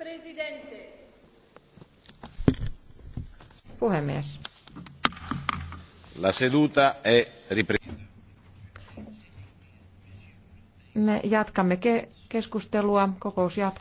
Presidente. Puhemies. La seduta è ripresa. Me jatkamme keskustelua. Kokous jatkuu.